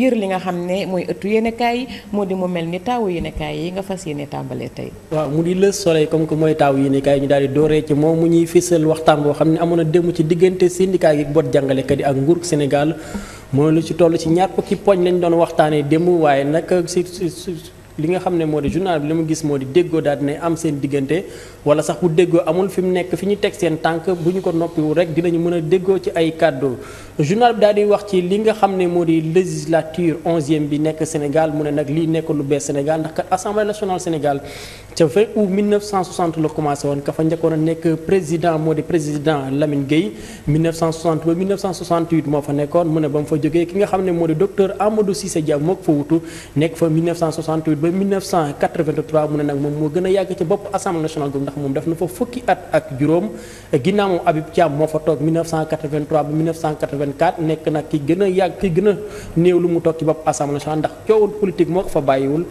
yër li nga xam ne mooy ëttu yéenekaay yi moo di mu mel ni taawu yéenekaay yi nga fas yéene tàmbalee tey. waaw mu di Le Soleil comme que mooy taawu yéenekaay ñu daal di dooree ci moom mu ñuy fësal waxtaan boo xam ne amoon na démb ci diggante syndicat yi jàngale jàngalekat yi ak nguur Sénégal mooy lu ci toll ci ñaar fukki poñ lañ doon waxtaanee démb waaye nag si li nga xam ne moo di journal bi li mu gis moo di déggoo daal dina am seen diggante wala sax bu déggoo amul fi mu nekk fi ñu teg seen tànk bu ñu ko noppiwul rek dinañu mën a déggoo ci ay kàddu journal bi daal di wax ci li nga xam ne moo di législature onzième bi nekk Sénégal mu ne nag lii nekk lu bees Sénégal ndax kat assemblée nationale Sénégal ca fait où 1960 la commencé woon ka fa njëkkoon a nekk président moo di président Lamine Gueye 1960 ba 1968 moo fa nekkoon mu ne ba mu fa jógee ki nga xam ne moo di docteur Amadou Cissé Dia moo fa wutu nekk fa mu ne nag moom moo gën a yàgg ci bopp assemblée nationale boobu ndax moom def na fa fukki at ak juróom ginnaaw moom Habib Thiam moo fa toog 1983 ba 1984 nekk nag ki gën a yàgg ki gën a néew lu mu toog ci bopp assemblée nationale ndax coowul politique moo ko fa bàyyiwul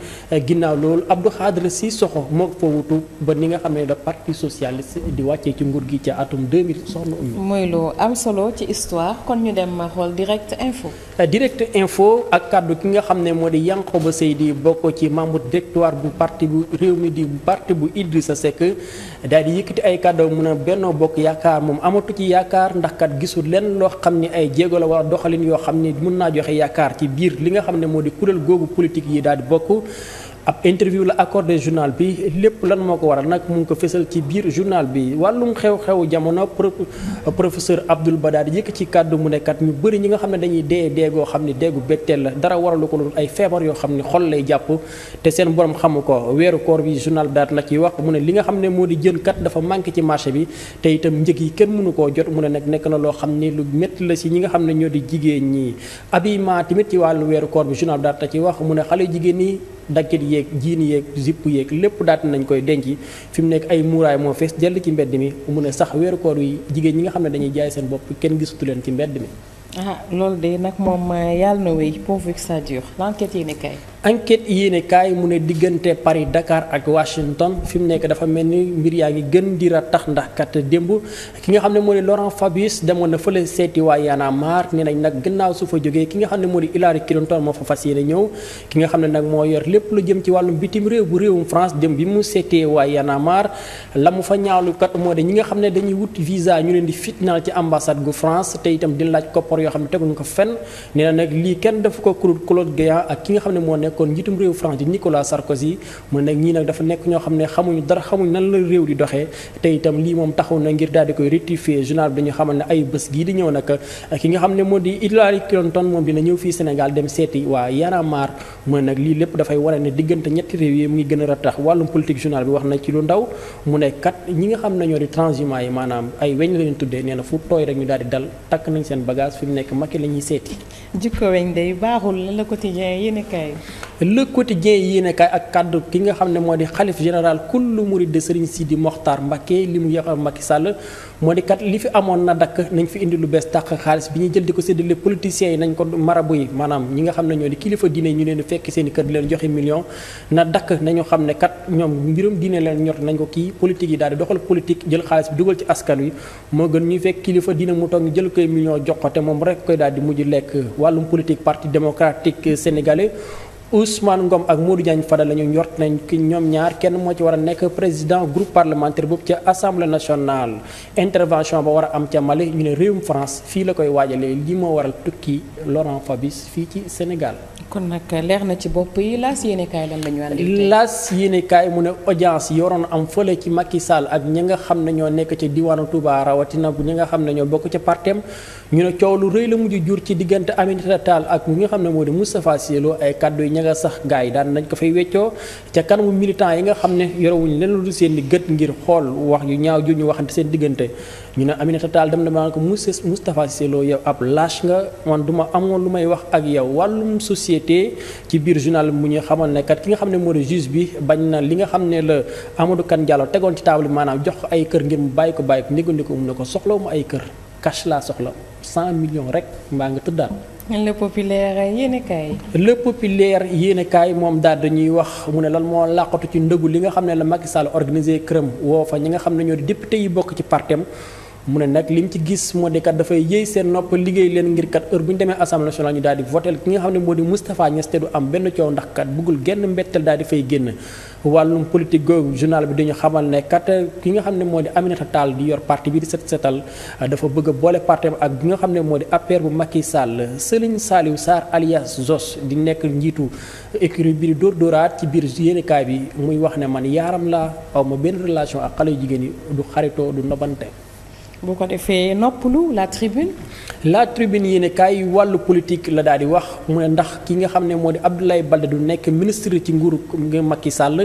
ginnaaw loolu Abdou Khadre Cissokho moo ko fa ba ni nga xam ne da parti socialiste di wàccee ci nguur gi ca atum 2000 soxna Oumy. mooy loo am solo ci histoire kon ñu dem xool direct info. Euh, direct info ak kàddu ki nga xam ne moo di Yankhoba Seydi bokk ci membre directoire bu parti bu réew mi di parti bu sa Seck daal di yëkkati ay kàddu mun a Benno Bokk Yaakaar moom amatu ci yaakaar ndax kat gisul lenn loo xam ni ay jéego la wala doxalin yoo xam ne mun naa joxe yaakaar ci biir li nga xam ne moo di kuréel googu politique yi daal bokk. ab interview la accordé journal bi lépp lan moo ko waral nag mu ngi ko fésal ci biir journal bi wàllum xew-xew jamono professeur Abdoul Badar yëkk ci kàddu mu nekkat ñu bari ñi nga xam ne dañuy dee goo xam ne déegu betteel la dara waralu ko doon ay feebar yoo xam ne xol lay jàpp te seen borom xamu ko weeru koor bi journal bi daat na ci wax mu ne li nga xam ne moo di jën kat dafa manqué ci marché bi te itam njëg yi kenn mënu koo jot mu ne nag nekk na loo xam ne lu métti la si ñi nga xam ne ñoo di jigéen ñi habillement tamit ci wàllu weeru koor bi journal bi daat wax mu ne xale jigéen ñi dakkit yeeg jiin yeeg zipp yeeg lépp daat nañ koy denc fi mu nekk ay muuraay moo fees jël ci mbedd mi mu ne sax weeru koor yi jigéen ñi nga xam ne dañuy jaay seen bopp kenn gisatu leen ci mbedd mi ah loolu de nag moom euh, yàlla na wéy pourvu que ça dure l'enquête yéene kaay. enquête mu ne diggante Paris Dakar ak Washington fi mu nekk dafa mel ni mbir yaa ngi gën di ratax ndax kat démb ki nga xam ne moo di Laurent Fabius demoon na fële seeti a marre nee nag gannaaw su fa jógee ki nga xam ne moo di Hillary Clinton moo fa fas yéene ñëw ki nga xam ne nag moo yor lépp lu jëm ci wàllu bitim réew bu réewum France dem bi mu seetee waa Y'en a la mu fa ñaawlu moo de ñi nga xam ne dañuy wut visa ñu leen di fitnaal ci ambassade gu France te itam di laaj koppar yoo xam ne teguñu ko fenn nee na nag lii kenn def ko Claude Guéant ak ki nga xam ne moo nekkoon njiitum réew France di Nicolas Sarkozy mu nag ñii nag dafa nekk ñoo xam ne xamuñu dara xamuñ nan la réew di doxee te lii moom taxaw na ngir daal di koy rectifier journal bi dañu xamal ne ay bés gii di ñëw nag ki nga xam ne moo di Hillary Clinton moom dina ñëw fii Sénégal dem seeti waa Y'en a marre nag lii lépp dafay wane ne diggante ñetti réew yi mu ngi gën a ratax wàllum politique journal bi wax na ci lu ndaw mu ne ñi nga xam ne ñoo di transhumants yi maanaam ay weñ la leen tuddee nee na fu tooy rek daal di dal nekk Macky la ñuy seeti. jikko weñ day baaxul le quotidien yéen kaay. le quotidien yéen kaay ak kaddu ki nga xam ne moo di xalif général kullu murid de Serigne Sidi Mokhtar Mbacké li mu yàqal Macky Sall moo di kat li fi amoon na dakk nañ fi indi lu bees tàq xaalis bi ñu jël di ko séddale politiciens yi nañ ko marabu yi maanaam ñi nga xam ne ñoo di kilifa diine ñu leen fekk seen i kër di leen joxe million na dakk ne kat ñoom mbirum diine leen ñor nañ ko kii politique yi daal di doxal politique jël xaalis bi dugal ci askan wi moo moom rek koy daal di mujj lekk wàllum politique parti démocratique sénégalais Ousmane Ngom ak Modou Diagne Fada la ñu njort nañ ki ñoom ñaar kenn moo ci war a nekk président groupe parlementaire boobu ca assemblée nationale intervention ba war a am ca Mali ñu ne réewum France fii la koy waajalee li moo waral tukki Laurent Fabius fii ci Sénégal. kon nag leer na ci bopp yi laas yéenekaay lan la ñu andi laas yéenekaay mu ne audience yoroon am fole ci Macky Sall ak ñi nga xam ne ñoo nekk ci diwaanu Touba rawatina ñi nga xam ne ñoo bokk ca partem ñu ne coow lu rëy la mujj jur ci diggante Aminata Tall ak ñi nga xam ne moo di Moustapha ay kaddu yi ña nga sax gars yi daan nañ ko fay weccoo ca kanamu militant yi nga xam ne yorewuñ leen lu seen i gët ngir xool wax yu ñaaw ju ñu waxante seen diggante ñu ne Aminata Tall dem na maa ko Moustapha Cissé Lo yow ab lâche nga man duma amoon lu may wax ak yow wàllum société te ci biir journal mu ñu xamal ne kat ki nga xam ne moo di juge bi bañ na li nga xam ne la Amadou kan Diallo tegoon ci table bi maanaam jox ko ay kër ngir mu bàyyi ko bàyyi ko négandi mu ne ko soxla mu ay kër cash laa soxla 100 millions rek mbaa nga tëddaat. le populaire yéenekaay. le populaire yéenekaay moom daal dañuy wax mu ne lan moo làqatu ci ndëgu li nga xam ne la Macky Sall organisé këram woo fa ñi nga xam ne ñoo di député yi bokk ci partem mu ne nag li mu ci gis moo di kat dafay yëy seen nopp liggéey leen ngir kat heure bu ñu demee assemblée nationale ñu daal di votel ki nga xam ne moo di Moustapha Niass du am benn coow ndax kat bëggul genn mbettel daal di fay génn wàllum politique googu journal bi dañu xamal ne kat ki nga xam ne moo di a taal di yor parti bi di set setal dafa bëgg boole parti ak bi nga xam ne moo di APR bu Macky Sall Serigne Saliou Sarr alias Zos di nekk njiitu écurie bi di dóor dóoraat ci biir yéenekaay bi muy wax ne man yaaram laa aw ma benn relation ak xale jigéen yi du xaritoo du nobante bu ko defee noppalu la tribune. la tribune yéen kaay wàllu politique la daal di wax mu ne ndax ki nga xam ne moo di Abdoulaye Balde du nekk ministre ci nguuru Macky Sall.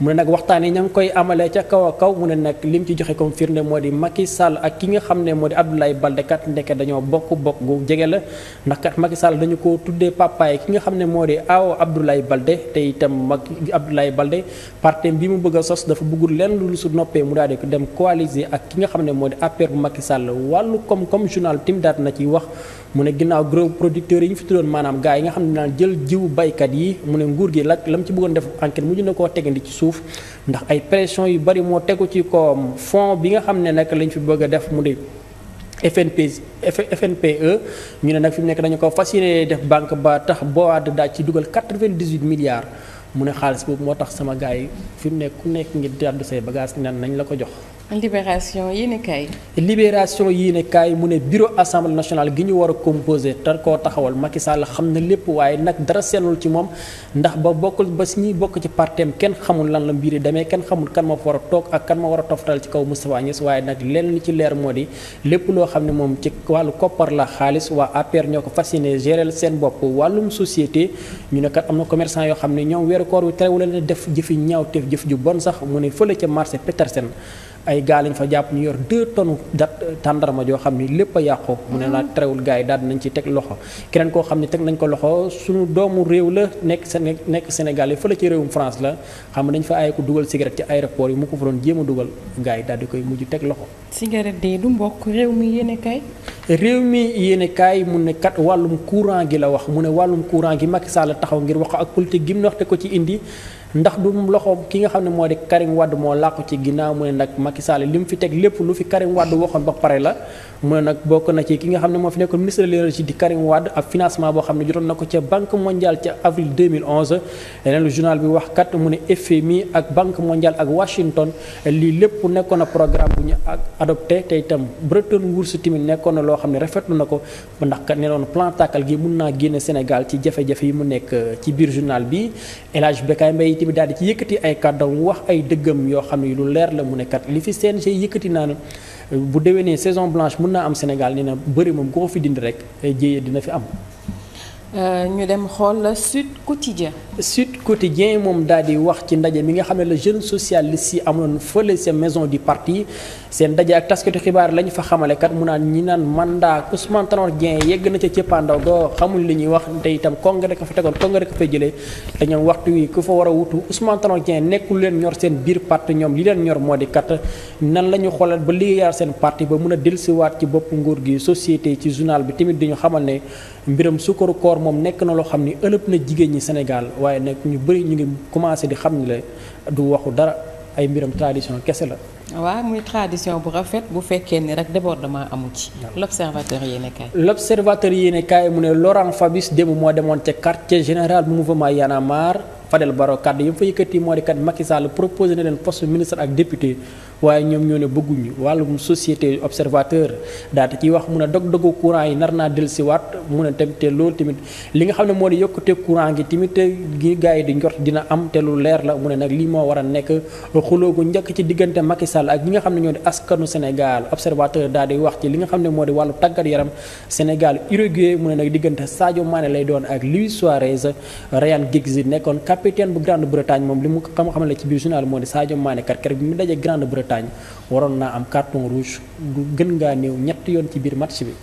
mu ne nag waxtaan yi ña ngi koy amalee ca kaw a kaw mu ne nag lim ci joxe comme firnde moo di Macky Sall ak ki nga xam ne moo di Abdoulaye Balde kat ndeke dañoo bokk bokk gu jege la ndax kat Sall dañu ko tuddee papaay ki nga xam ne moo di aawo Abdoulaye Balde te itam mag Abdoulaye Balde parti bi mu bëgg a sos dafa bëggul lenn lu su noppee mu daal di ko dem coaliser ak ki nga xam ne moo di APR bu Macky Sall wàllu koom-koom journal tim daat na ci wax mu ne ginnaaw gros producteurs yi ñu fi tuddoon maanaam gars yi nga xam ne naan jël jiw baykat yi mu ne nguur gi lak lam ci bëggoon def enquête mujj na koo tegandi ci suuf ndax ay pression yu bari moo tegu ci koom fond bi nga xam ne nag lañ fi bëgg a def mu de FNP FNPE ñu ne nag fi mu nekk dañu ko fas yéene def banque ba tax BOAD daal ci dugal 98 milliards mu ne xaalis boobu moo tax sama gars yi fi mu nekk ku nekk ngir daddu say bagage nan nañ la ko jox libération yéenekaay libération yéenekaay mu ne bureau assemblée nationale gi ñu war a composé te koo taxawal Macky Sall xam na lépp waaye nag dara seenul ci moom ndax ba bokkul ba si ñuy bokk ci parteem kenn xamul lan la mbir yi demee kenn xamul kan ma fa war a toog ak kan ma war a toftal ci kaw Moustapha Niass waaye nag lenn li ci leer moo di lépp loo xam ne moom ci wàllu koppar la xaalis waa APR ñoo ko fasciné gérer seen bopp wàllum société ñu ne kat am na commerçant yoo xam ne ñoom weeru koor wi terewul def jëfi ñaaw teef jëf ju bon sax mu ne fële ca marché Petersen ay gaal lañ fa jàpp ñu yor deux tonnes dat tàndarma joo xam ni lépp a yàqoo mu ne laa mm. terewul gars yi daal dinañ ci teg loxo keneen koo xam ne teg nañ ko loxo suñu doomu réew la nekk Séné nekk Sénégal yi fële ci réewum France la xam ne fa ay ko dugal cigarette ci aéroport yi mu ko fa doon jéema dugal gars yi daal di koy mujj teg loxo. cigarette de du mbokk réew mi yéene kaay. réew mi yéene kaay mu ne kat wàllum courant gi la wax mu ne wàllum courant gi Macky Sall taxaw ngir wax ak politique gi mu wax te ko ci indi. ndax du loxo ki nga xam ne moo de Karim Wade moo làqu ci ginnaaw mu ne nag Macky Sall li mu fi teg lépp lu fi Karim Wade waxoon ba pare la mu ne nag bokk na ci ki nga xam ne moo fi nekkoon ministre de di Karim Wade ak financement boo xam ne jotoon na ko ca banque mondiale ca avril 2011 leneen lu journal bi wax kat mu ne FMI ak banque mondiale ak Washington lii lépp nekkoon na programme bu ñu ak adopté te itam Bretton Woods tamit nekkoon na loo xam ne rafetlu na ko ndax kat ne noonu plan tàkkal mun naa génne Sénégal ci jafe yi mu nekk ci biir journal bi El Hadj Bekay bi daal di ci yëkkati ay kàddoom wax ay dëggam yoo xam ne lu leer la mu ne kat li fi seen CNG yëkkati naa ne bu déwénee saison blanche mun naa am Sénégal nee na bëri moom ku ko fi dindi rek jéyee dina fi am. Euh, ñu dem xool Sud Quotidien. Sud Quotidien moom daal di wax ci ndaje mi nga xam ne le jeune socialiste yi amoon fële sa maison du parti seen ndaje ak taskatu xibaar lañ fa xamale kat mu naan ñi naan mandat Ousmane Tanor Dieng yegg na ca cëppaandaw ga xamuñ li ñuy wax te itam congrès ka fa tegoon congrès ka fa jëlee te ñoom waxtu wi ku fa war a wutu Ousmane Tanor Dieng nekkul leen ñor seen biir parti ñoom li leen ñor moo di kat nan la ñu xoolal ba liggéeyaar seen parti ba mun a dellusiwaat ci bopp nguur gi société ci journal bi tamit di ñu xamal ne mbiram sukkaru moom nekk na loo xam ni ëlëb na jigéen ñi Sénégal waaye nag ñu bëri ñu ngi commencé di xam ni la du waxu dara ay mbiram tradition kese la. waaw muy tradition bu rafet bu fekkee ni rek débordement amu ci. l'observateur yéene kaay. l'observateur yéene kaay mu ne Laurent Fabius démb moo demoon ca quartier général mouvement Y'en a marre Fadel Baro kàddu yi mu fa yëkkati moo di kat Macky Sall proposé na leen poste ministre ak député. waaye ñoom ñoo ne bëgguñu wàllum société observateur daal di ci wax mun a dog-dogu courant yi nar naa dellusiwaat mun a tamit te tamit li nga xam ne moo di yokkute courant gi tamit gi gars yi di njort dina am te lu leer la mu ne nag lii moo war a nekk xuloo gu njëkk ci diggante Macky Sall ak ñi nga xam ne ñoo di askanu Sénégal observateur daal di wax ci li nga xam ne moo di wàllu tàggat yaram Sénégal Uruguay mu a nag diggante Sadio Mané lay doon ak Luis Suarez Ryan Giggs nekkoon capitaine bu Grande Bretagne moom li mu xam-xam la ci Bretagne waroon naa am carton rouge du gën ngaa néew ñett yoon ci biir match bi.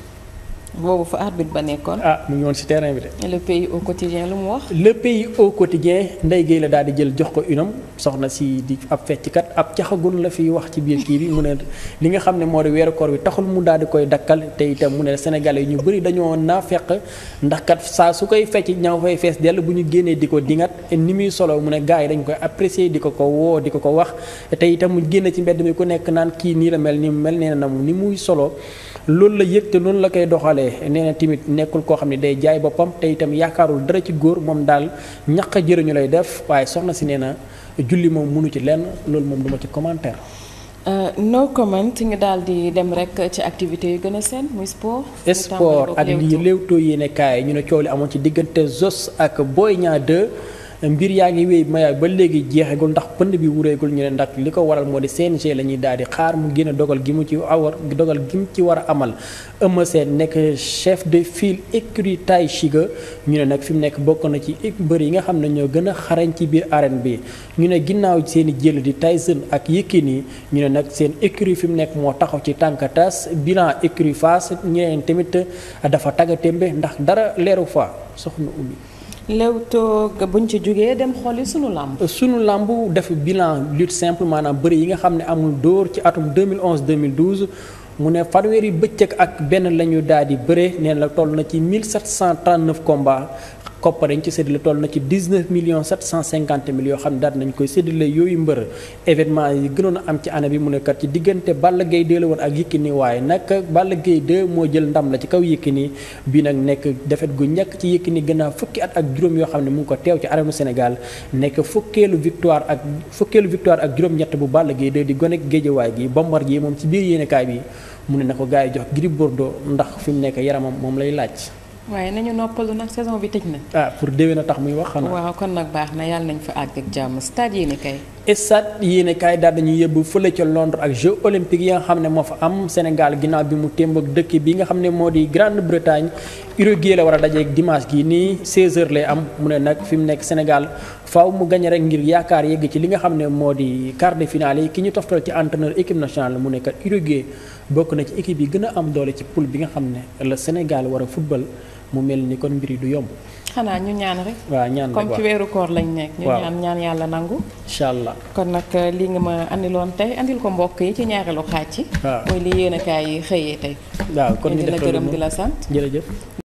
boobu fa arbitre ba nekkoon. ah mu ngi woon ci terrain bi de. le pays au quotidien lu mu wax. le pays au quotidien Ndeye Gueye la daal di jël jox ko inam soxna si di ab fecckat ab caxagun la fi wax ci biir kii bi mu ne li nga xam ne moo de weeru koor bi taxul mu daal di koy dakkal te itam mu ne sénégal yi ñu bëri dañoo naa feq ndax kat saa su koy fecc ña fay fees dell bu ñu génnee di ko dingat ni muy solo mu ne gars yi dañ koy apprécier di ko ko woo di ko ko wax te itam mu génn ci mbedd mi ku nekk naan kii nii la mel ni mu mel nee na ni muy solo. loolu la yëg te noonu la koy doxalee nee na nekkul koo xam ne day jaay boppam te itam yaakaarul dara ci góor moom daal ñaq jëriñu lay def waaye soxna si nee na julli moom mënu ci lenn loolu moom duma ci commentaire. Euh, no comment nga daal di dem rek ci activité yu gën a seen muy sport. sport ak lii Leewtoo yéene kaay ñu ne coow li amoon ci diggante Zos ak booy ñaa 2 mbir yaa ngi wéy mayaay ba léegi jeexagul ndax pënd bi wureegul ñu ne ndax li ko waral moo di CNG la ñuy daal di xaar mu génn dogal gi mu ci awar dogal gi mu ci war a amal Eumeu seen nekk chef de file écurie Tay Shiga ñu ne nag fi mu nekk bokk na ci bër yi nga xam ne ñoo gën a xarañ ci biir arène bi ñu ne ginnaaw seen i jël di Tyson ak Yékini ñu ne nag seen écurie fi mu nekk moo taxaw ci tànk tas bilan écurie Fass ñu ne tamit dafa taggatémbe ndax dara leeru fa soxna Oumy Leewtoo buñ ci jógee dem xooli sunu làmb. sunu làmb def bilan lutte simple maanaam bëri yi nga xam ne amul dóor ci atum 2011 2012. mu ne fanweeri bëccëg ak benn la ñu daal di bëre neen la toll na ci 1739 combats koppa dañ ci séddale toll na ci 19 millions 750 mille yoo xam ne daal nañ koy séddale yooyu mbër événement yi gënoon a am ci année bi mu nekkat ci diggante Balla Gaye 2 la woon ak Yékini waaye nag Balla Gaye 2 moo jël ndam la ci kaw nii bii nag nekk defet gu ñàkk ci Yékini gannaaw fukki at ak juróom yoo xam ne mu ngi ko teew ci arène senegal nekk fukkeelu victoire ak fukkeelu victoire ak juróom-ñett bu Balla Gaye 2 di gone géejewaay gi Bombardier moom ci biir yéenekaay bi mu ne na ko gars yi jox Gris Bordeaux ndax fi mu nekk yaramam moom lay laaj waaye nañu noppalu nag saison bi tëj na. ah pour déwén a tax muy wax xanaa. waaw kon nag baax na yàlla nañ fa àgg ak jàmm stade yi ni kay. Esat yéene kaay daal dañuy yëbb fële ca Londres ak Jeux olympiques yi nga xam ne moo fa am Sénégal ginnaaw bi mu témb ak dëkk bi nga xam ne moo di Grande-Bretagne Uruguay la war a dajeeg dimanche gii nii 16h lay am mu ne nag fi mu nekk Sénégal faaw mu gañe ngir yaakaar yegg ci li nga xam ne moo di quart de finale ki ñu toftal ci entraîneur équipe nationale mu nekkat Uruguay bokk na ci équipe yi gën a am doole ci poule bi nga xam ne la Sénégal war a football mu mel ni kon mbir du yomb. xanaa ñu ñaan rek. waaw ñaan ci weeru koor lañ nekk. ñu ñaan ñaan yàlla nangu. incha allah kon nag eh, lii nga ma àndiloon tey àndil ko mbokk yi ci ñaareelu xaaj yi waaw mooy li yéen a kaay yi xëyee tey. waaw kon ñu def la gërëm di la sant jërëjëf.